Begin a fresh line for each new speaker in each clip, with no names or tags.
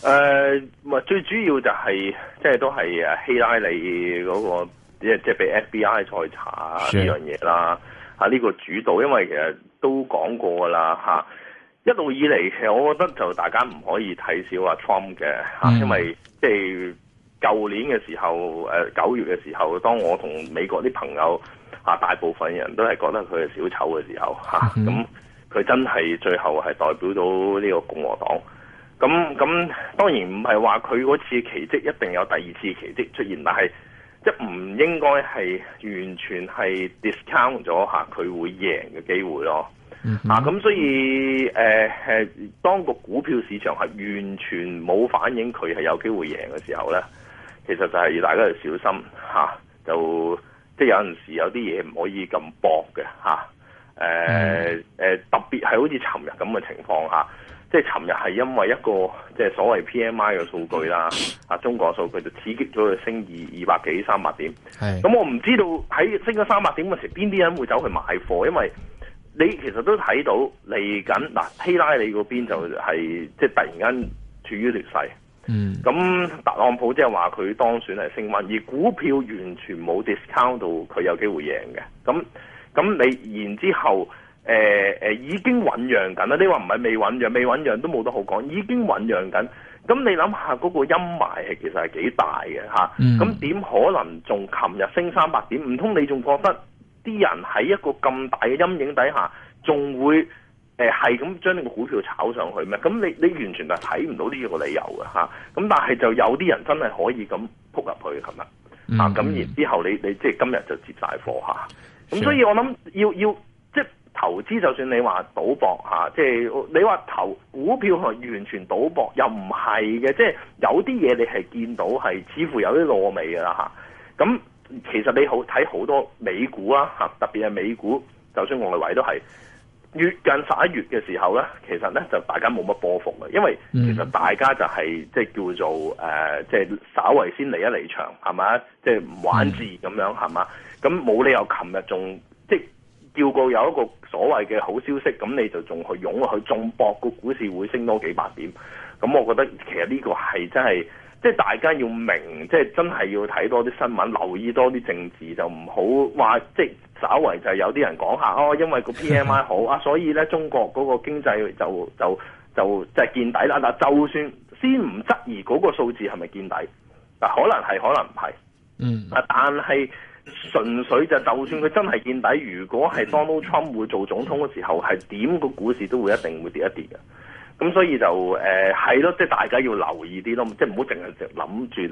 誒，係、呃、最主要就係、是，即係都係誒希拉里嗰、那個，即係即係被 FBI 再查呢的樣嘢啦，啊呢、這個主導，因為其實都講過噶啦吓，一路以嚟其實我覺得就大家唔可以睇小阿 Trump 嘅吓，啊嗯、因為即係舊年嘅時候，誒、呃、九月嘅時候，當我同美國啲朋友，啊大部分人都係覺得佢係小丑嘅時候吓，咁、啊、佢、嗯、哼真係最後係代表到呢個共和黨。咁咁當然唔係話佢嗰次奇蹟一定有第二次奇蹟出現，但係即唔應該係完全係 discount 咗下佢會贏嘅機會咯。嗯、哼啊，咁所以誒、呃，當個股票市場係完全冇反映佢係有機會贏嘅時候咧，其實就係大家要小心、啊、就即係有陣時有啲嘢唔可以咁搏嘅嚇。誒誒、特別係好似尋日咁嘅情況嚇。即係尋日係因為一個即係所謂 PMI 嘅數據啦，啊，中國嘅數據就刺激咗佢升二二百幾三百點。咁的、嗯、我唔知道喺升咗三百點嘅時邊啲人會走去買貨，因為你其實都睇到嚟緊嗱希拉里嗰邊就係、是、即係突然間處於劣勢。咁、嗯、特朗普即係話佢當選係升溫而股票完全冇 discount 到佢有機會贏嘅。咁咁你然之後。誒誒、呃呃，已經醞釀緊啦！你話唔係未醞釀？未醞釀都冇得好講，已經醞釀緊。咁你諗下嗰個陰霾係其實係幾大嘅吓，咁、啊、點、嗯、可能仲琴日升三百點？唔通你仲覺得啲人喺一個咁大嘅陰影底下，仲會誒係咁將呢個股票炒上去咩？咁你你完全係睇唔到呢個理由嘅吓。咁、啊、但係就有啲人真係可以咁撲入去，琴日吓，咁然之後你你即係今日就接大貨吓。咁、啊、所以我諗要要。要投資就算你話賭博嚇，即、啊、係、就是、你話投股票係完全賭博又唔係嘅，即係有啲嘢你係見到係似乎有啲惡味嘅啦嚇。咁、啊、其實你好睇好多美股啦嚇、啊，特別係美股，就算黃麗偉都係越近十一月嘅時候咧，其實咧就大家冇乜波幅嘅，因為其實大家就係即係叫做誒，即、呃、係、就是、稍微先離一離場係嘛、就是嗯，即係唔玩字咁樣係嘛，咁冇理由琴日仲即叫告有一個所謂嘅好消息，咁你就仲去湧去重博個股市會升多幾百點。咁我覺得其實呢個係真係，即係大家要明，即係真係要睇多啲新聞，留意多啲政治，就唔好話即係稍為就有啲人講下哦，因為個 PMI 好啊，所以咧中國嗰個經濟就就就即係見底啦。嗱，就算先唔質疑嗰個數字係咪見底，嗱可能係，可能唔係，嗯，啊，但係。純粹就，就算佢真係見底，如果係 Donald Trump 會做總統嘅時候，係點個股市都會一定會跌一跌嘅。咁所以就誒係咯，即係大家要留意啲咯，即係唔好淨係諗住誒，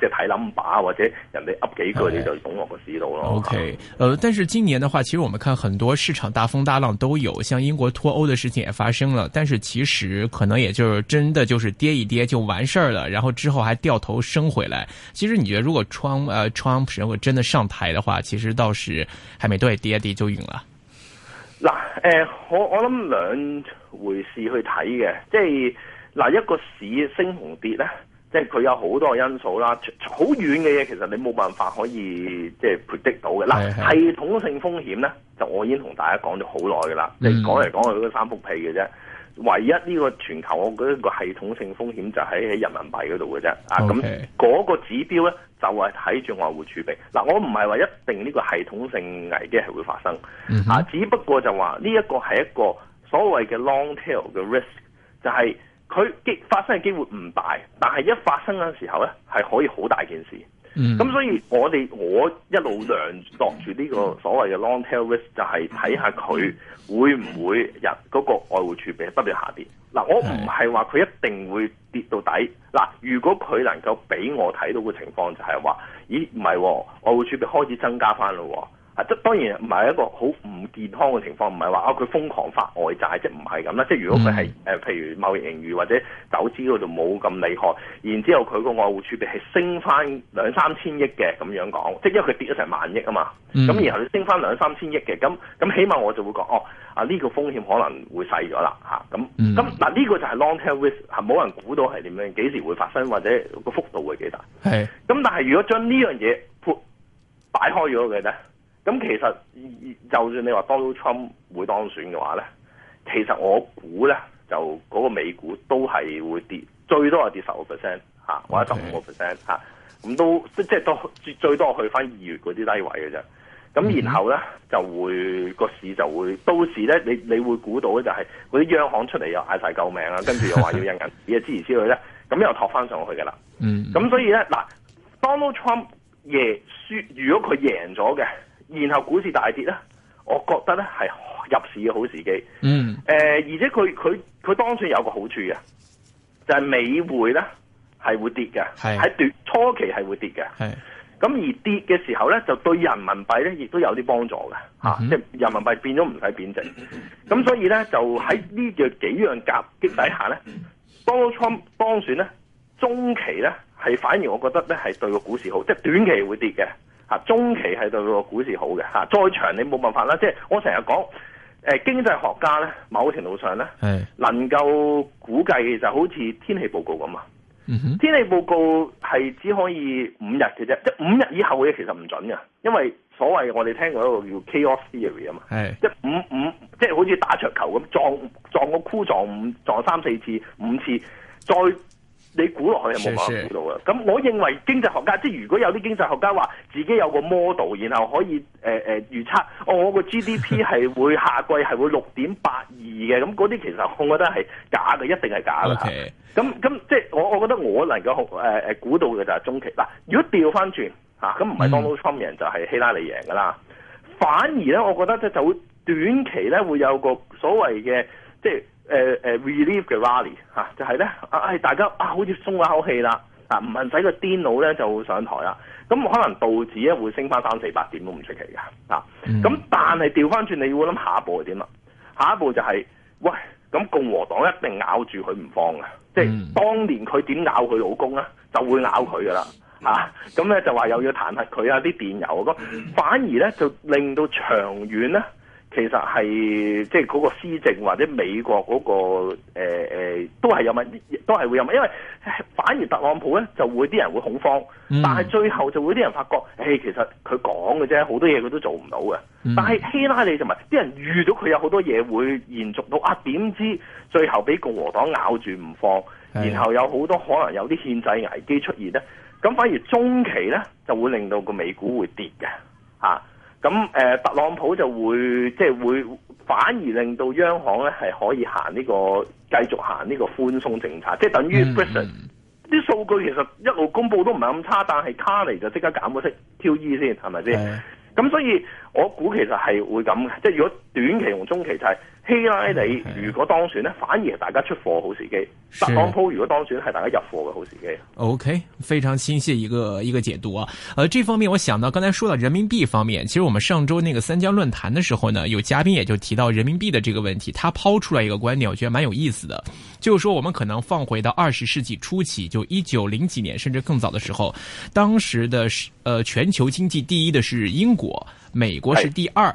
即係睇 number 或者人哋噏幾句你就懂落個市
度咯。OK，呃但是今年的話，其實我們看很多市場大風大浪都有，像英國脫歐的事情也發生了。但是其實可能也就是真的就是跌一跌就完事了，然後之後還掉頭升回來。其實你覺得如果 Trump、呃、Trump 如果真的上台的話，其實到時係咪都係跌一跌就完了？
嗱，誒、呃，我我諗兩回事去睇嘅，即係嗱一個市升紅跌咧，即係佢有好多個因素啦，好遠嘅嘢其實你冇辦法可以即係 predict 到嘅。嗱，是是系統性風險咧，就我已經同大家講咗好耐噶啦，你講嚟講去嗰三幅屁嘅啫。唯一呢個全球我覺得個系統性風險就喺喺人民幣嗰度嘅啫。Okay 啊，咁嗰個指標咧。就係睇住外匯儲備嗱，我唔係話一定呢個系統性危機係會發生，啊、mm，hmm。只不過就話呢一個係一個所謂嘅 long tail 嘅 risk，就係佢機發生嘅機會唔大，但係一發生嗰陣時候咧係可以好大件事，咁、mm hmm。所以我哋我一路量度住呢個所謂嘅 long tail risk，就係睇下佢會唔會入嗰個外匯儲備不斷下跌。嗱，我唔係話佢一定會跌到底。嗱，如果佢能夠俾我睇到嘅情況就係話，咦，唔係外匯儲備開始增加返喇喎。啊！即當然唔係一個好唔健康嘅情況，唔係話啊佢瘋狂發外債，即唔係咁啦。即如果佢係誒，嗯、譬如貿易盈餘或者走資嗰度冇咁厲害，然之後佢個外匯儲備係升翻兩三千億嘅咁樣講，即因為佢跌咗成萬億啊嘛，咁、嗯、然後佢升翻兩三千億嘅，咁咁，咁起碼我就會講哦，啊、呢、呢個風險可能會細咗啦嚇，咁咁嗱呢個就係 long term risk，係冇人估到係點樣，幾時會發生或者個幅度會幾大。係是，咁但係如果將呢樣嘢 put 擺開咗嘅咧？咁其實就算你話 Donald Trump 會當選嘅話咧，其實我估咧就嗰個美股都係會跌，最多係跌十個 percent 或者十五個 percent，咁都即係都最多去翻二月嗰啲低位嘅啫。咁然後咧、嗯嗯、就會個市就會，到時咧你你會估到咧就係嗰啲央行出嚟又嗌晒救命啊，跟住又話要印銀紙啊，諸如此類咧，咁又托翻上去㗎、嗯嗯、啦。嗯，咁所以咧嗱，Donald Trump 贏輸，如果佢贏咗嘅，然後股市大跌咧，我覺得咧係入市嘅好時機。嗯。誒、呃，而且佢佢佢當選有個好處嘅，就係、是、美匯咧係會跌嘅，喺短是初期係會跌嘅。係是。咁而跌嘅時候咧，就對人民幣咧亦都有啲幫助嘅，吓、嗯哼啊，即係人民幣變咗唔使貶值。咁、嗯、哼所以咧就喺呢幾樣夾擊底下咧，當選、嗯、哼當選咧中期咧係反而我覺得咧係對個股市好，即、就、係、是、短期會跌嘅。吓，中期係對個股市好嘅。吓，再長你冇辦法啦。即係我成日講，誒、呃，經濟學家咧，某程度上咧，係是能夠估計，其實好似天氣報告咁啊。嗯、哼天氣報告係只可以五日嘅啫，即係五日以後嘅嘢其實唔準㗎，因為所謂我哋聽過一個叫 chaos theory 啊嘛，係即係五五即係好似打桌球咁撞撞個箍撞五撞三四次五次再。你估落去係冇辦法估到嘅。咁，是我認為經濟學家即係如果有啲經濟學家話自己有個 model，然後可以誒誒、呃呃、預測，哦，我個 GDP 係會下季係會六點八二嘅，咁嗰啲其實我覺得係假嘅，一定係假嘅吓，咁咁即係我我覺得我能夠、呃、估到嘅就係中期啦，如果調翻轉咁唔係 Donald Trump 贏就係希拉里贏噶啦，嗯、反而咧，我覺得咧就會短期咧會有個所謂嘅即係誒誒、啊啊、relief 嘅 rally 嚇、啊，就係、是、咧，唉、哎、大家啊，好似鬆咗口氣啦，啊唔係使個 Donald 咧就會上台啦，咁可能道指咧會升翻三四百點都唔出奇噶，啊咁、嗯啊、但係調翻轉你要諗下一步係點啦？下一步就係、是、喂，咁共和黨一定咬住佢唔放噶，即、就、係、是嗯、當年佢點咬佢老公咧，就會咬佢噶啦，嚇咁咧就話又要彈劾佢啊啲電郵，咁、啊嗯、反而咧就令到長遠咧。其實係即係嗰個施政或者美國嗰、嗰個誒、呃、都係有問題，都係會有問題，因為反而特朗普咧就會啲人會恐慌，嗯、但係最後就會啲人發覺，誒其實佢講嘅啫，好多嘢佢都做唔到嘅。嗯、但係希拉里就唔、係、啲人預到佢有好多嘢會延續到啊，點知最後俾共和黨咬住唔放，然後有好多可能有啲憲制危機出現咧。咁反而中期咧就會令到個美股會跌嘅嚇。啊咁誒、呃，特朗普就會即係會，反而令到央行咧係可以行呢、呢個繼續行呢個寬鬆政策，即係等於啲數據其實一路公佈都唔係咁差，但係卡尼就即刻減咗息 QE 先係咪先？咁是的 所以我估其實係會咁嘅，即係如果短期同中期就係、是。希拉里，如果當選反而大家出貨好時機；特朗普如果當選係大
家入貨嘅好時機。OK，非常清晰一個一個解讀啊！呃，這方面我想到剛才說到人民幣方面，其實我們上週那個三江論壇的時候呢，有嘉賓也就提到人民幣的這個問題，他拋出來一個觀點，我覺得蠻有意思的，就是說我們可能放回到二十世紀初期，就一九零幾年甚至更早的時候，當時的是，呃，全球經濟第一的是英國，美國是第二。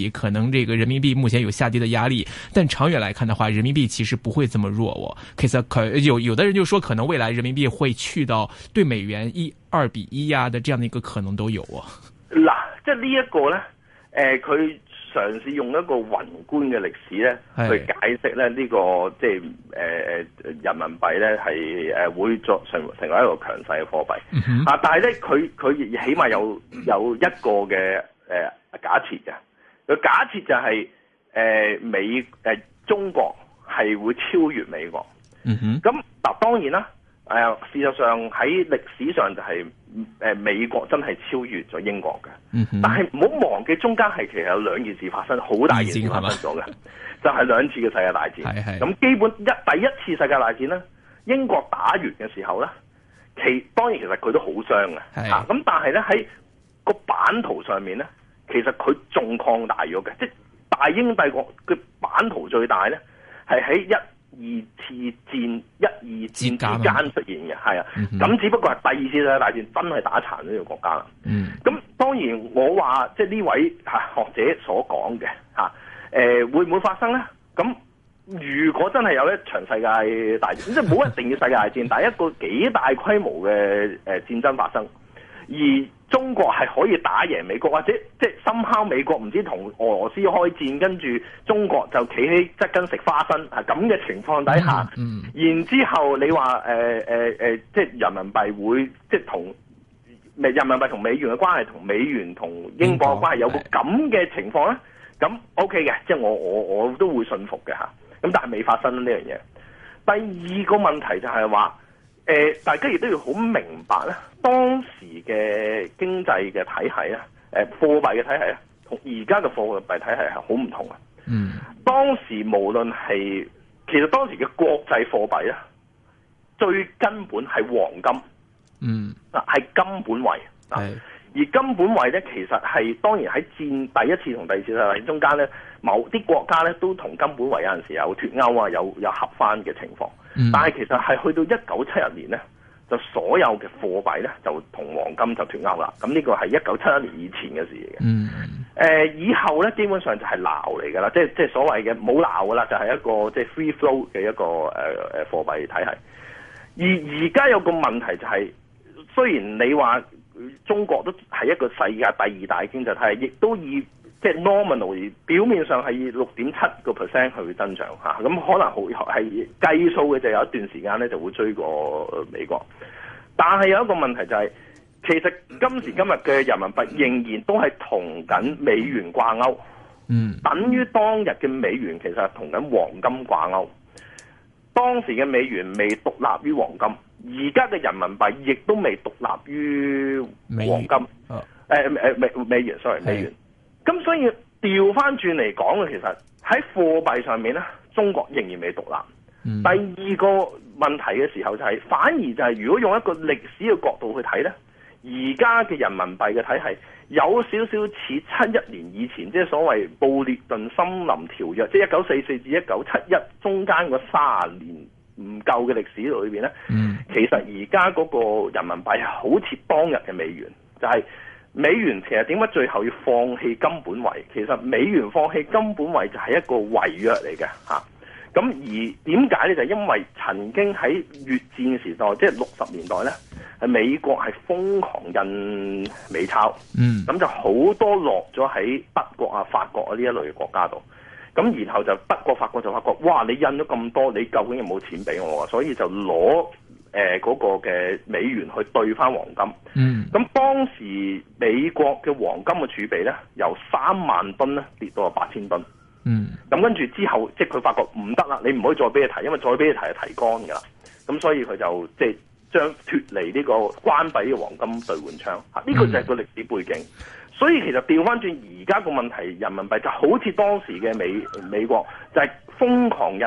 可能這個人民幣目前有下跌的壓力，但長遠來看的話，人民幣其實不會這麼弱，啊。其實可有有的人就說，可能未來人民幣會去到對美元一二比一啊的這樣的一個可能都有啊。
嗱，即係呢一個咧，誒，佢嘗試用一個宏觀嘅歷史咧是去解釋咧呢，這個即係誒誒人民幣咧係誒會作成成為一個強勢嘅貨幣，嗯，哼啊，但係咧佢佢亦起碼有有一個嘅誒、呃，假設嘅。就假設就係、是、誒、呃、美誒、呃、中國係會超越美國，咁嗱、嗯、哼當然啦，誒、呃、事實上喺歷史上就係、是、誒、呃、美國真係超越咗英國嘅，嗯、哼但係唔好忘記中間係其實有兩件事發生，好大件事發生咗嘅，是就係兩次嘅世界大戰。係係咁基本一第一次世界大戰咧，英國打完嘅時候咧，其當然其實佢都好傷嘅，是啊咁但係咧喺個版圖上面咧。其實佢仲擴大咗嘅，即係大英帝國嘅版圖最大咧，係喺一二次戰、一二戰之間出現嘅，係啊。咁的、嗯、哼只不過係第二次世界大戰真係打殘呢個國家啦。咁、嗯、當然我話即係呢位吓學者所講嘅吓，誒、呃、會唔會發生咧？咁如果真係有一場世界大戰， 即係冇一定要世界大戰，但係一個幾大規模嘅誒戰爭發生而。中國係可以打贏美國，或者即係深敲美國，唔知同俄羅斯開戰，跟住中國就企喺側跟食花生啊！咁嘅情況底下，嗯嗯、然之後你話誒誒誒，即係人民幣會即係同人民幣同美元嘅關係，同美元同英國嘅關係國有個咁嘅情況咧？咁的 OK 嘅，即係我我我都會信服嘅嚇。咁但係未發生呢樣嘢。第二個問題就係話。誒，大家亦都要好明白咧，當時嘅經濟嘅體系啊，誒，貨幣嘅體系啊，同而家嘅貨幣體系係好唔同啊。嗯，當時無論係，其實當時嘅國際貨幣咧，最根本係黃金。嗯，嗱，係金本位。係。而金本位咧，其實係當然喺戰第一次同第二次世界大戰中間咧，某啲國家咧都同金本位有陣時有脫鈎啊，有有合翻嘅情況。嗯、但係其實係去到一九七一年咧，就所有嘅貨幣咧就同黃金就脫鈎啦。咁呢個係一九七一年以前嘅事嚟嘅。誒、嗯呃，以後咧基本上就係鬧嚟㗎啦，即係即係所謂嘅冇鬧㗎啦，就係、是、一個即係、就是、free flow 嘅一個誒誒、呃、貨幣體系。而而家有個問題就係、是，雖然你話，中國都係一個世界第二大經濟體系，亦都以即係、就是、nominally，表面上係以六點七個 percent 去增長吓，咁、啊、可能係計數嘅就有一段時間咧就會追過美國，但係有一個問題就係、是，其實今時今日嘅人民幣仍然都係同緊美元掛鈎，嗯，等於當日嘅美元其實係同緊黃金掛鈎。當時嘅美元未獨立於黃金，而家嘅人民幣亦都未獨立於黃金。誒誒美月、呃、美元，sorry 美元。咁美美所以調翻轉嚟講咧，其實喺貨幣上面咧，中國仍然未獨立。嗯、第二個問題嘅時候就係、是，反而就係如果用一個歷史嘅角度去睇咧，而家嘅人民幣嘅體系。有少少似七一年以前，即係所謂布列頓森林條約，即係一九四四至一九七一中間嗰卅年唔夠嘅歷史裏邊呢，其實而家嗰個人民幣係好似當日嘅美元，就係美元其實點解最後要放棄金本位？其實美元放棄金本位就係一個違約嚟嘅嚇。啊咁而點解咧？就係因為曾經喺越戰時代，即係六十年代咧，係美國係瘋狂印美鈔，嗯，咁就好多落咗喺德國啊、法國啊呢一類嘅國家度。咁然後就德國、法國就發覺，哇！你印咗咁多，你究竟有冇錢俾我啊？所以就攞誒嗰個嘅美元去兌翻黃金，嗯，咁當時美國嘅黃金嘅儲備咧，由三萬噸咧跌到啊八千噸。嗯，咁跟住之後，即係佢發覺唔得啦，你唔可以再俾佢提，因為再俾佢提就提乾噶啦。咁所以佢就即係將脫離呢個關閉嘅黃金兌換窗，呢、呢個就係個歷史背景。所以其實調翻轉而家個問題，人民幣就好似當時嘅美美國，就係、係、瘋狂印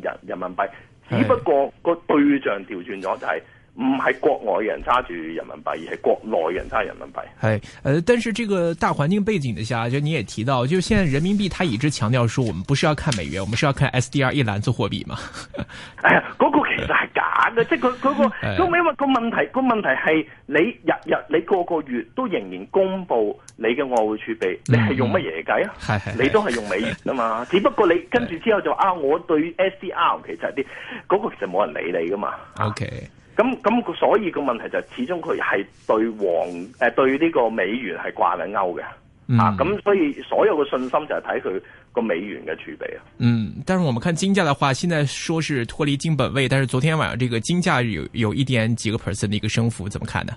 人人民幣，只不過個對象調轉咗，就係。唔係國外人揸住人民幣，而係國內人揸人民
幣。係，誒、呃，但是這個大環境背景之下，就你也提到，就現在人民幣，他一直強調說，我們不是要看美元，我們是要看 SDR 一籃子貨幣嘛。誒、 哎，嗰、那個其實係
假嘅， 即係佢嗰個， 因為個問題， 個問題係你日日你個個月都仍然公布你嘅外匯儲備，嗯、你係用乜嘢計啊？ 你都係用美元啊嘛。 只不過你跟住之後就 啊，我對 SDR 其實係啲嗰、那個其實冇人理你噶嘛。OK。咁咁，所以個問題就係始終佢係對黃誒對呢個美元係掛緊鈎嘅，嗯、啊咁所以所有嘅信心就係睇佢個美元嘅儲備啊。嗯，
但是我們看金價的話，現在說是脫離金本位，但是昨天晚上這個金價有有一點幾個 percent 嘅一個升幅，怎麼看呢？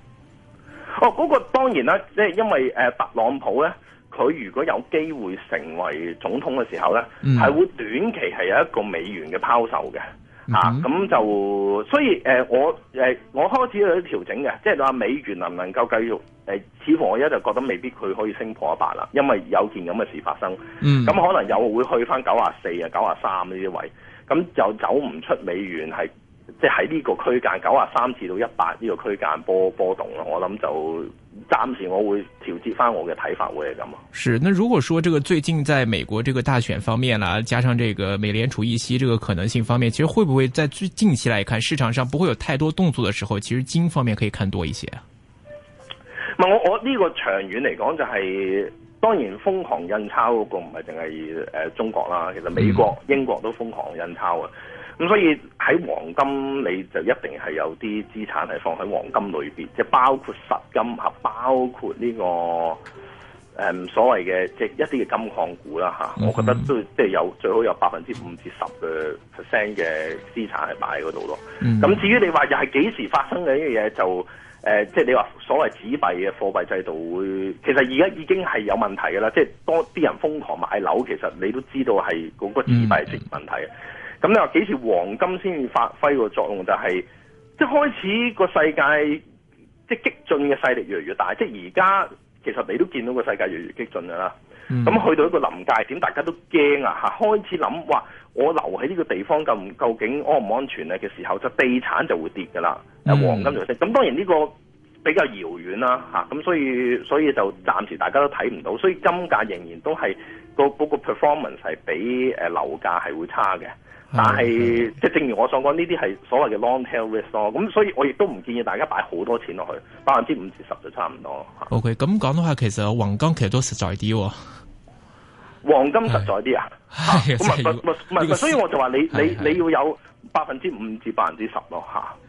哦，嗰、那個當然啦，即係因為誒、呃、特朗普咧，佢如果有機會成為總統嘅時候咧，係、嗯、會短期係有一個美元嘅拋售嘅。Uh huh. 啊，咁就所以、呃、我、呃、我開始有啲調整嘅，即係話美元能唔能夠繼續、呃、似乎我而家就覺得未必佢可以升破一百啦，因為有件咁嘅事發生，咁、
uh huh. 可能
又會去翻九啊四啊、九啊三呢啲位，咁就走唔出美元係即係喺呢個區間九啊三至到一百呢個區間波波動咯，我諗就。暫時我會調節返我嘅睇法會係咁啊。
是，那如果說這個最近在美國這個大選方面啦、啊，加上這個美聯儲議息這個可能性方面，其實會不會在最近期來看市場上不會有太多動作的時候，其實金方面可以看多一些
啊？唔，我我呢個長遠嚟講就係，當然瘋狂印鈔嗰個唔係淨係誒中國啦，其實美國、英國都瘋狂印鈔啊。咁所以喺黃金，你就一定係有啲資產係放喺黃金裏邊，即係包括實金嚇，包括呢、呢個誒、嗯、所謂嘅即係一啲嘅金礦股啦嚇。Mm hmm. 我覺得都即係有最好有百分之五至十嘅 percent 嘅資產係擺喺嗰度咯。咁、mm hmm. 至於你話又係幾時發生嘅呢樣嘢，就、呃、誒即係你話所謂紙幣嘅貨幣制度會，其實而家已經係有問題㗎喇。即係多啲人瘋狂買樓，其實你都知道係嗰個紙幣值問題嘅。Mm hmm. 咁你話幾時黃金先要發揮個作用，就係？就係即係開始個世界即係激進嘅勢力越嚟越大。即係而家其實你都見到個世界越嚟越激進㗎啦。咁、嗯、去到一個臨界點，大家都驚啊！嚇，開始諗嘩，我留喺呢個地方，就究竟安唔安全咧嘅時候，就地產就會跌㗎啦。嗯、黃金就升。咁當然呢個比較遙遠啦，咁、嚇、所以所以就暫時大家都睇唔到。所以金價仍然都係個、嗰個 performance 係比誒、呃、樓價係會差嘅。但係，即係是正如我想講，呢啲係所謂嘅 long tail risk 咯，咁所以我亦都唔建議大家擺好多錢落去，百分之五至十就差唔多
啦。OK，咁講到下，其實黃金其實都實在啲喎，
黃金實在啲啊？唔，所以我就話你的你你要有百分之五至百分之十
咯，吓的。